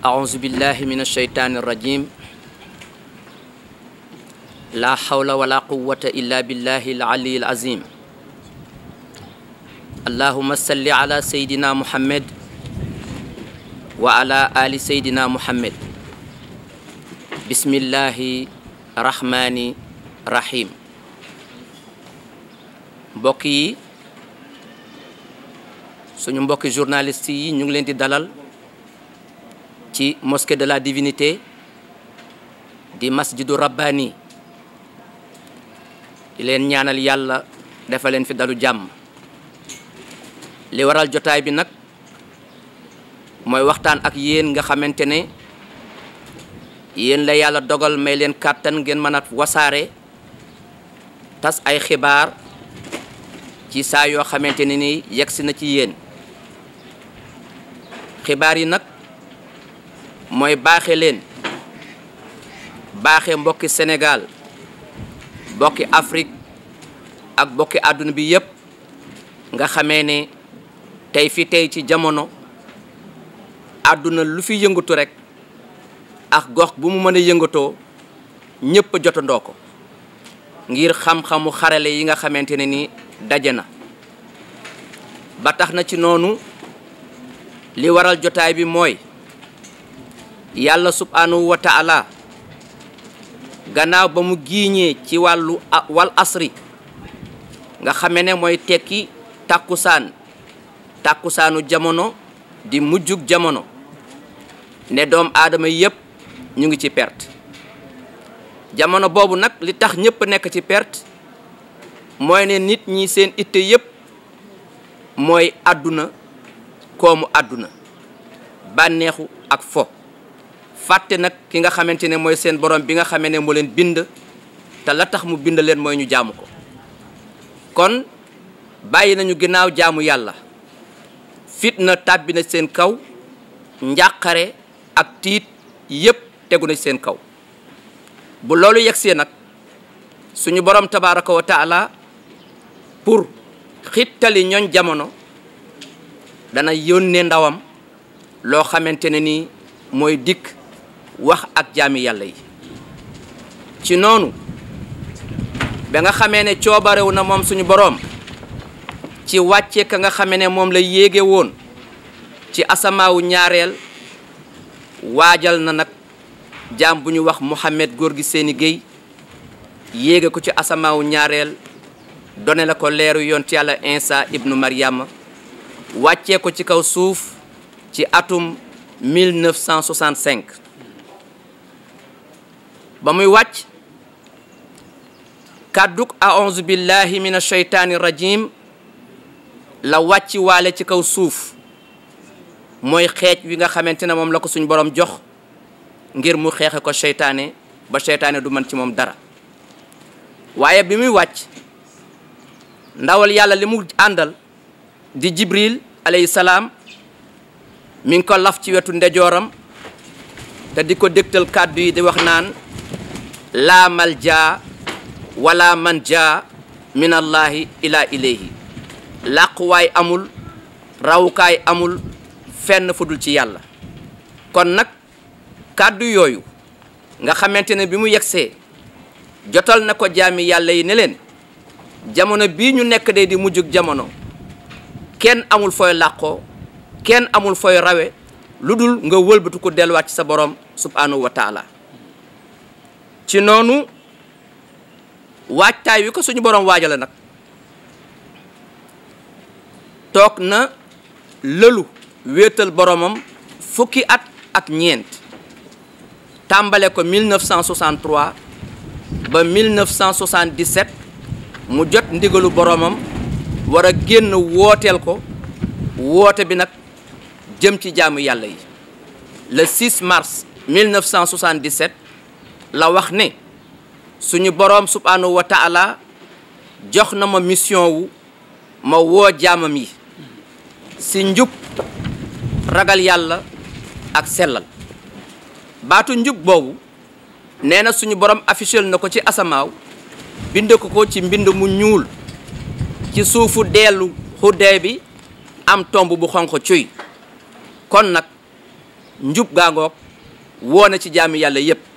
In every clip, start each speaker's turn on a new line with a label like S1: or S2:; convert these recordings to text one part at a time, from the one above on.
S1: أعوذ بالله من الشيطان الرجيم لا حول ولا قوة إلا بالله العلي العظيم اللهم صل على سيدنا محمد وعلى آل سيدنا محمد بسم الله الرحمن الرحيم mbokk yi suñu mbokki journaliste yi ñu ngi leen di dalal ci mosquée de la divinité di masjidu rabbani di leen ñaanal yàlla dafa leen fi dalu jàmm li waral jotaay bi nag mooy waxtaan ak yéen nga xamante ne yéen la yàlla dogal may leen kàttan ngeen mën a wasaare tas ay xibaar ci saa yoo xamante ne ni yegsi na ci yéen xibaar yi nag mooy baaxe leen baaxe mbokki Sénégal mbokki Afrique ak mbokki àdduna bi yépp nga xamee ne tey fi tey ci jamono àdduna lu fi yëngatu rek ak gox bu mu mën a yëngatoo ñépp a jotandoo ko ngir xam-xamu xarale yi nga xamante ne ni daje na ba tax na ci noonu li waral jotaay bi mooy yàlla subhaanahu wa taala gannaaw ba mu giiñee ci wàllu wal asri nga xame ne mooy tekki tàkkusaan tàkkusaanu jamono di mujjug jamono ne doom aadama yépp ñu ngi ci perte jamono boobu nag li tax ñépp nekk ci perte mooy ne nit ñi seen itte yépp mooy àdduna koomu àdduna bànneexu ak fo fàtte nag ki nga xamante ne mooy seen borom bi nga xamee ne moo leen bind te la tax mu bind leen mooy ñu jaamu ko kon bàyyi nañu ginnaaw jaamu yàlla fitna tàbbi na seen kaw njàqare ak tiit yépp tegu na seen kaw bu loolu yegsee nag suñu borom tabaraka pour xittali ñooñ jamono dana yónnee ndawam loo xamante ne nii mooy dikk wax ak jaami yàlla yi ci noonu ba nga xamee ne coobarewu na moom suñu boroom ci wàcce ka nga xamee ne moom la yéege woon ci asamaawu ñaareel waajal na nag jaam bu ñu wax Mouhamed góor gi seeni géey yéege ko ci asamaawu ñaareel done la ko leeru yonti yàlla Insa ibnu Maryam wàccee ko ci kaw suuf ci atum 1965 ba muy wàcc kàdduk aouzu billahi min asheytaani rajim la wàcc waale ci kaw suuf mooy xeej wi nga xamante ne moom la ko suñ boroom jox ngir mu xeexe ko seytaane ba seytaane du man ci moom dara waaye bi muy wàcc ndawal yàlla li mu àndal di jibril alayhi salaam mi ngi ko laf ci wetu ndejooram te di ko dégtal kàddu yi di wax naan laa maljaa wala manja min allahi ila ilayhi làquwaay amul rawukaay amul fenn fu dul ci yàlla kon nag kàddu yooyu nga xamante ne bi mu yegsee jotal na ko jaami yàlla yi ne leen jamono bii ñu nekk de di mujjug jamono kenn amul fooy làqo kenn amul fooy rawe lu dul nga wëlbatu ko delluwaat ci sa borom subhanahu wa taala ci noonu waajtaay wi ko suñu boroom waajale nag toog na lëlu wéetal boroomam fukki at ak ñeent tàmbale ko 1963 ba 1977 mu jot ndigalu boroomam war a génn wooteel ko woote bi nag jëm ci jaamu yàlla yi le 6 mars 1977 la wax ne suñu boroom subhaanahu wa jox na ma mission wu ma woo jaamam yi si njub ragal yàlla ak sellal baatu njub boobu nee na suñu borom officiel na ko ci asamaaw bind ko ko ci mbind mu ñuul ci suufu dellu xuddee bi am tomb bu xonq cuy kon nag njub gaangoog woo na ci jaami yàlla yépp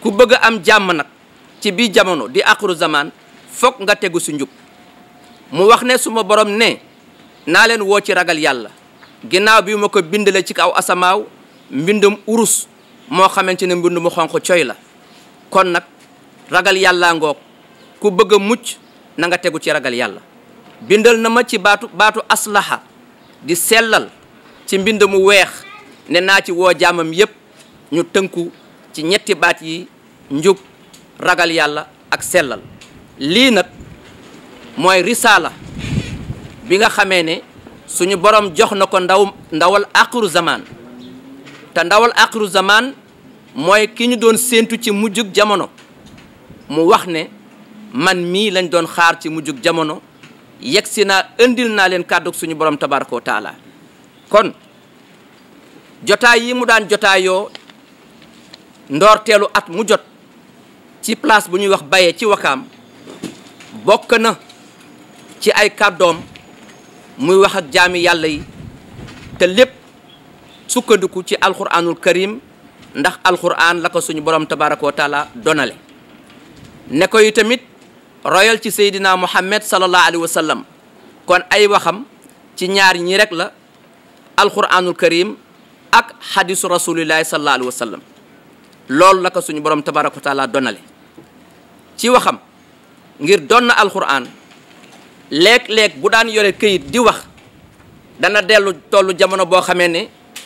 S1: ku bëgg am jàmm nag ci biir jamono di aqru zaman foog nga tegu si njub mu wax ne suma borom ne naa leen woo ci ragal yàlla ginnaaw bi ma ko bindale ci kaw asamaaw mbindum urus moo xamante ne mbind mu xonq coy la kon nag ragal yàlla ngoog ku bëgg mucc nanga tegu ci ragal yàlla bindal na ma ci baatu baatu aslaha di sellal ci mbind mu weex ne naa ci woo jaamam yépp ñu tënku ci ñetti baat yi njub ragal yàlla ak sellal lii nag mooy risaala bi nga xamee ne suñu borom jox na ko ndaw ndawal aqiru zamaan te ndawal aqiru zamaan mooy ki ñu doon séentu ci mujjug jamono mu wax ne man mii lañ doon xaar ci mujjug jamono yegg si naa indil naa leen kàddug suñu borom tabaraka wa kon jotaay mu daan jotaayoo ndoorteelu at mu jot ci place bu ñuy wax Baye ci Wakaam bokk na ci ay kàddoom muy wax ak jaami yàlla yi te lépp sukkandiku ci alxuraanul karim ndax alxuraan la ko suñu borom tabaraka wa taala donale ne ko tamit royal ci seydina muhammad sallallahu alayhi wa sallam kon ay waxam ci ñaar ñi rekk la alxuraanul karim ak xadisu rasulillahi sallallahu alayhi wa sallam loolu la suñu borom tabaraka wa taala donale ci waxam ngir doon na alxuraan léeg-léeg bu daan yore kayit di wax dana dellu tollu jamono boo xamee ne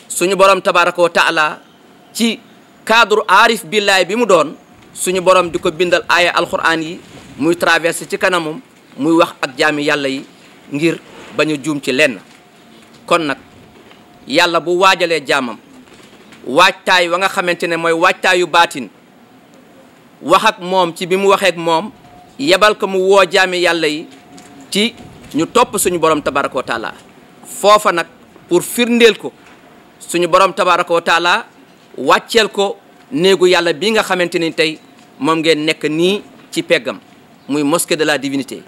S1: suñu borom tabaraka wa ci cadre aarif billaay bi mu doon suñu borom di ko bindal aaya alxuraan yi muy traversé ci kanamam muy wax ak jaami yàlla yi ngir bañu juum ci lenn kon nag yàlla bu waajalee jaamam waajtaay wa nga xamante ne mooy waajtaayu baatin wax moom ci bi mu waxee moom yebal ko mu woo jaami yàlla yi ci ñu topp suñu borom tabaraka wa foofa nag pour firndeel ko suñu borom tabaraka wa wàcceel ko néegu yàlla bi nga xamante ni tey moom ngeen nekk nii ci peggam muy mosquée de la divinité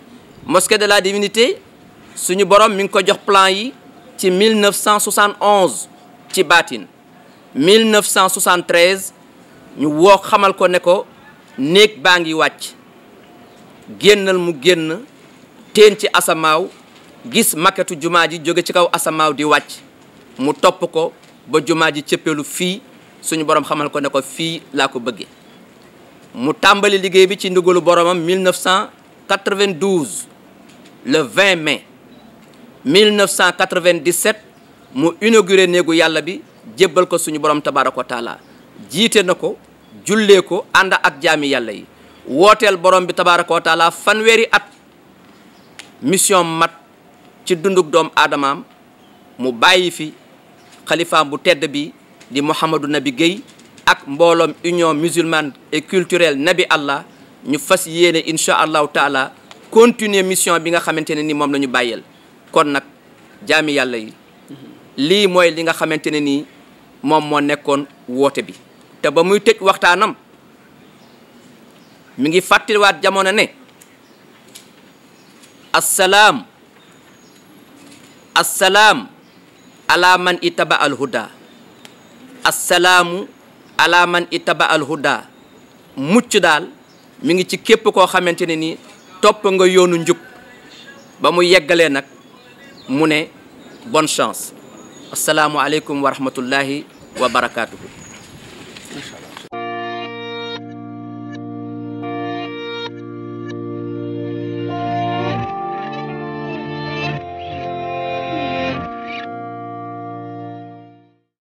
S1: mosquée de la divinité suñu borom mi ngi ko jox plan yi ci 1971 ci baatin 1973 ñu woo xamal ko ne ko néeg baa ngi wàcc génnal mu génn teen ci asamaaw gis maketu jumaa ji jóge ci kaw asamaaw di wàcc mu topp ko ba jumaa ji cëppeelu fii suñu borom xamal ko ne ko fii laa ko bëgge mu tàmbali liggéey bi ci ndigalu boromam 1992 le 20 mai 1997 mu inauguré néegu yàlla bi jébbal ko suñu borom tabaaraka wa taala jiite na ko jullee ko ànd ak jaami yàlla yi wooteel borom bi tabaaraka wa fanweeri at mission mat ci dunduk doom aadamaam mu bàyyi fi xalifaam bu tedd bi di Mouhamadou Nabi Guèye ak mbooloom union musulmane e culturelle Nabi Allah ñu fas yéene incha allahu taala continuer mission bi nga xamante ne nii moom lañu ñu bàyyeel kon nag jaami yàlla yi lii mooy li nga xamante ne nii moom moo nekkoon woote bi te ba muy tëj waxtaanam mi ngi fàttaliwaat jamono ne assalaam assalaam ala man itaba al huda assalaamu ala man itaba al huda mucc daal mi ngi ci képp koo xamante ne nii topp nga yoonu njub ba mu yeggalee nag mu ne bon chance asalaamualeykum wa rahmatullahi wa barakaatuhu.